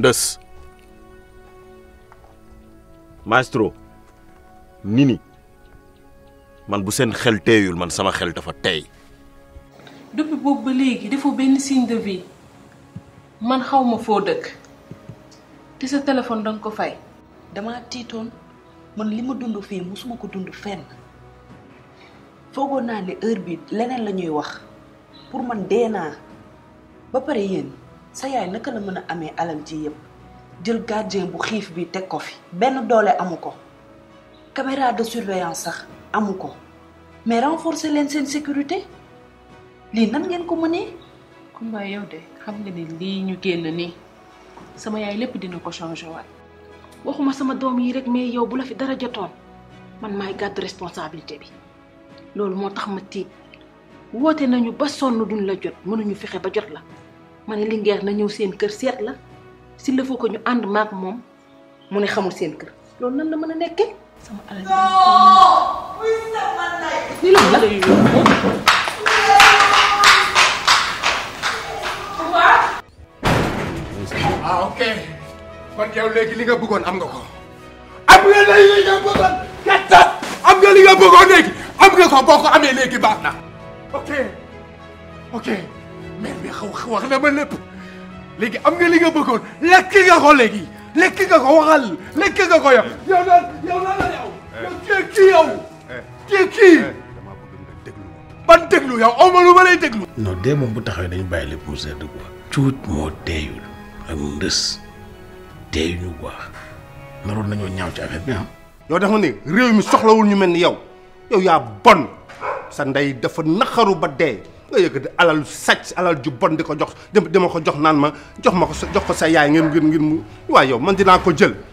ndës maestro nini man bu seen xel teeyul man sama xel dafa tey depuis boobu ba léegi defoo benn signe de vie man xawma foo dëkk te sa téléphone danga ko fay damaa tiitoon man li ma dund fii musuma ko dund fenn foogoon naa ne heure bi leneen la ñuy wax pour man dee naa ba pare yéen sa yaay naka la mën a amee alal ci yëpp jël gardien bu xiif bi teg ko fi benn doole amu ko caméra de surveillance sax amu ko mais renforcer leen seen sécurité lii nan ngeen ko mënee. Kumba yow de xam nga ne lii ñu génn nii sama yaay lépp dina ko changé waat waxuma sama doom yii rek mais yow bu la fi dara jotoon man maay gàdd responsabilité bi loolu moo tax ma tiit woote nañu ba sonn duñ la jot mënuñu fexe ba jot la. ma ne Linguère na ñëw seen kër seet la s'il le faut que ñu ànd maak moom mu ne xamul seen kër loolu nan la mën a nekkee. sama alal ni lan la. ah ok kon yow léegi li nga bëggoon am nga ko. am nga léegi li nga bëggoon gàttal. am nga li nga bëggoon léegi am nga ko boo ko amee léegi baax na. ok ok. mère bi xaw wax na ma lépp léegi am nga li nga bëggoon lekk nga ko léegi lekk nga ko waxal lekk nga ko yow. yow daal yow la yow. Eh. yow kii kii yow. Eh. kii kii. Eh, damaa bëgg nga déglu ban déglu yow aw ma lu ma lay déglu. non dee moom bu taxawee dañu bàyyi lépp mu sedd quoi. cuut moo ah. yow dafa ne réew mi soxlawul ñu mel ni yow yow yaa bon sa ndey dafa naxaru ba dee. nga yëkkati alal sàcc alal ju bon di ko jox ma ko jox naan ma jox ma ko jox ko sa yaay ngeen ngir ngir mu waaye yow man dinaa ko jël